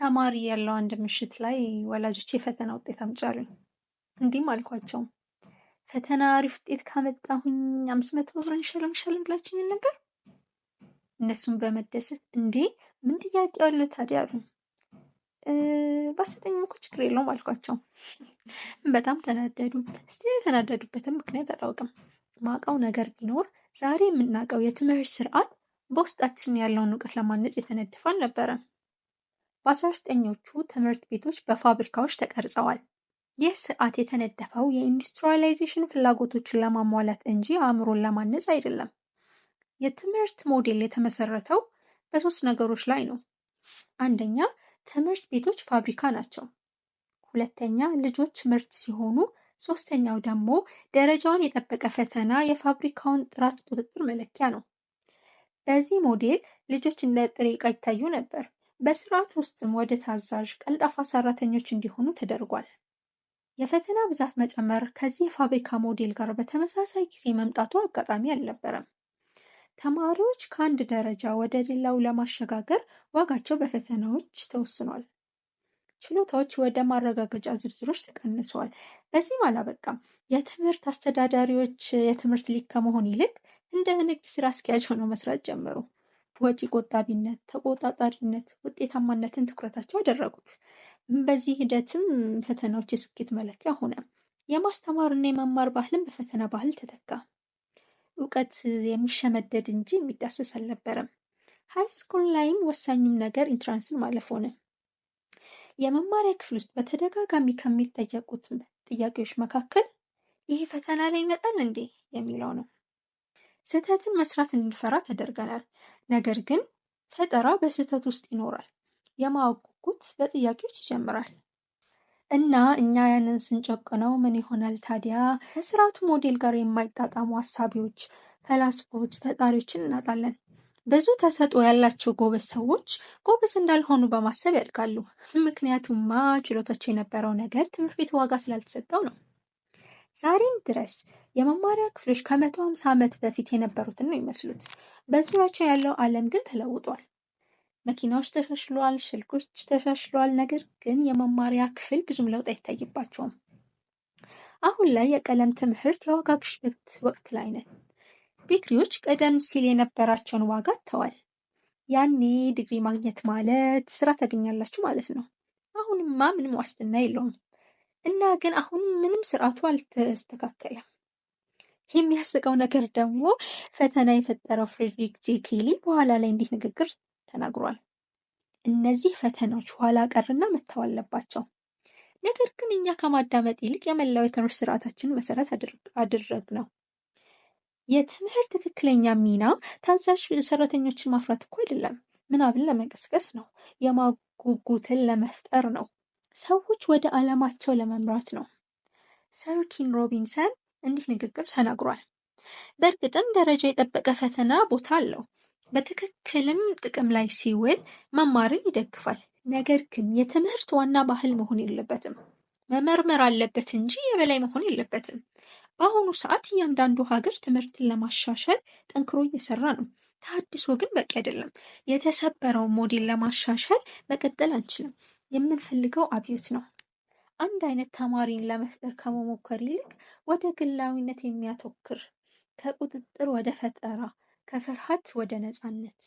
ተማሪ ያለው አንድ ምሽት ላይ ወላጆች የፈተና ውጤት አምጪ እንዲህም አልኳቸው፣ ፈተና አሪፍ ውጤት ካመጣሁኝ አምስት መቶ ብር እንሸልምሻለን ብላችሁኝ ነበር። እነሱም በመደሰት እንዴ ምን ጥያቄ አለ ታዲያ አሉ። በአሰጠኝም እኮ ችግር የለውም አልኳቸው። በጣም ተናደዱ። እስቲ የተናደዱበትን ምክንያት አላውቅም። ማውቀው ነገር ቢኖር ዛሬ የምናውቀው የትምህርት ስርዓት በውስጣችን ያለውን እውቀት ለማነጽ የተነደፈ አልነበረም። በ19ኞቹ ትምህርት ቤቶች በፋብሪካዎች ተቀርጸዋል። ይህ ስርዓት የተነደፈው የኢንዱስትሪያላይዜሽን ፍላጎቶችን ለማሟላት እንጂ አእምሮን ለማነጽ አይደለም። የትምህርት ሞዴል የተመሰረተው በሶስት ነገሮች ላይ ነው። አንደኛ፣ ትምህርት ቤቶች ፋብሪካ ናቸው። ሁለተኛ፣ ልጆች ምርት ሲሆኑ፣ ሶስተኛው ደግሞ ደረጃውን የጠበቀ ፈተና የፋብሪካውን ጥራት ቁጥጥር መለኪያ ነው። በዚህ ሞዴል ልጆች እንደ ጥሬ ዕቃ ይታዩ ነበር። በስርዓት ውስጥም ወደ ታዛዥ፣ ቀልጣፋ ሰራተኞች እንዲሆኑ ተደርጓል። የፈተና ብዛት መጨመር ከዚህ የፋብሪካ ሞዴል ጋር በተመሳሳይ ጊዜ መምጣቱ አጋጣሚ አልነበረም። ተማሪዎች ከአንድ ደረጃ ወደ ሌላው ለማሸጋገር ዋጋቸው በፈተናዎች ተወስኗል። ችሎታዎች ወደ ማረጋገጫ ዝርዝሮች ተቀንሰዋል። በዚህም አላበቃም። የትምህርት አስተዳዳሪዎች የትምህርት ሊቅ ከመሆን ይልቅ እንደ ንግድ ስራ አስኪያጅ ሆነው መስራት ጀመሩ። ወጪ ቆጣቢነት፣ ተቆጣጣሪነት፣ ውጤታማነትን ትኩረታቸው አደረጉት። በዚህ ሂደትም ፈተናዎች የስኬት መለኪያ ሆነ። የማስተማርና የመማር ባህልም በፈተና ባህል ተተካ። እውቀት የሚሸመደድ እንጂ የሚዳሰስ አልነበረም። ሃይ ስኩል ላይም ወሳኙም ነገር ኢንትራንስን ማለፍ ሆነ። የመማሪያ ክፍል ውስጥ በተደጋጋሚ ከሚጠየቁት ጥያቄዎች መካከል ይህ ፈተና ላይ ይመጣል እንዴ የሚለው ነው። ስህተትን መስራት እንድንፈራ ተደርገናል። ነገር ግን ፈጠራ በስህተት ውስጥ ይኖራል። የማወቅ ጉጉት በጥያቄዎች ይጀምራል። እና እኛ ያንን ስንጨቅነው ምን ይሆናል ታዲያ? ከስርዓቱ ሞዴል ጋር የማይጣጣሙ ሀሳቢዎች፣ ፈላስፎች፣ ፈጣሪዎችን እናጣለን። ብዙ ተሰጥኦ ያላቸው ጎበዝ ሰዎች ጎበዝ እንዳልሆኑ በማሰብ ያድጋሉ። ምክንያቱማ ችሎታቸው የነበረው ነገር ትምህርት ቤት ዋጋ ስላልተሰጠው ነው። ዛሬም ድረስ የመማሪያ ክፍሎች ከመቶ ሃምሳ ዓመት በፊት የነበሩትን ነው ይመስሉት በዙሪያቸው ያለው ዓለም ግን ተለውጧል። መኪናዎች ተሻሽለዋል፣ ስልኮች ተሻሽለዋል። ነገር ግን የመማሪያ ክፍል ብዙም ለውጥ አይታይባቸውም። አሁን ላይ የቀለም ትምህርት የዋጋ ግሽበት ወቅት ላይ ነን። ዲግሪዎች ቀደም ሲል የነበራቸውን ዋጋ ተዋል። ያኔ ዲግሪ ማግኘት ማለት ስራ ታገኛላችሁ ማለት ነው። አሁንማ ምንም ዋስትና የለውም እና ግን አሁን ምንም ስርዓቱ አልተስተካከለም። የሚያስቀው ነገር ደግሞ ፈተና የፈጠረው ፍሬድሪክ ጄ ኬሊ በኋላ ላይ እንዲህ ንግግር ተናግሯል። እነዚህ ፈተናዎች ኋላ ቀርና መተው አለባቸው። ነገር ግን እኛ ከማዳመጥ ይልቅ የመላው የትምህርት ስርዓታችንን መሰረት አድረግ ነው። የትምህርት ትክክለኛ ሚና ታዛዥ ሰራተኞችን ማፍራት እኮ አይደለም፣ ምናብን ለመቀስቀስ ነው። የማጉጉትን ለመፍጠር ነው። ሰዎች ወደ ዓላማቸው ለመምራት ነው። ሰር ኪን ሮቢንሰን እንዲህ ንግግር ተናግሯል። በእርግጥም ደረጃ የጠበቀ ፈተና ቦታ አለው። በትክክልም ጥቅም ላይ ሲውል መማርን ይደግፋል። ነገር ግን የትምህርት ዋና ባህል መሆን የለበትም። መመርመር አለበት እንጂ የበላይ መሆን የለበትም። በአሁኑ ሰዓት እያንዳንዱ ሀገር ትምህርትን ለማሻሻል ጠንክሮ እየሰራ ነው። ተሀድሶ ግን በቂ አይደለም። የተሰበረውን ሞዴል ለማሻሻል መቀጠል አንችልም። የምንፈልገው አብዮት ነው። አንድ አይነት ተማሪን ለመፍጠር ከመሞከር ይልቅ ወደ ግላዊነት የሚያተኩር ከቁጥጥር ወደ ፈጠራ ከፍርሃት ወደ ነፃነት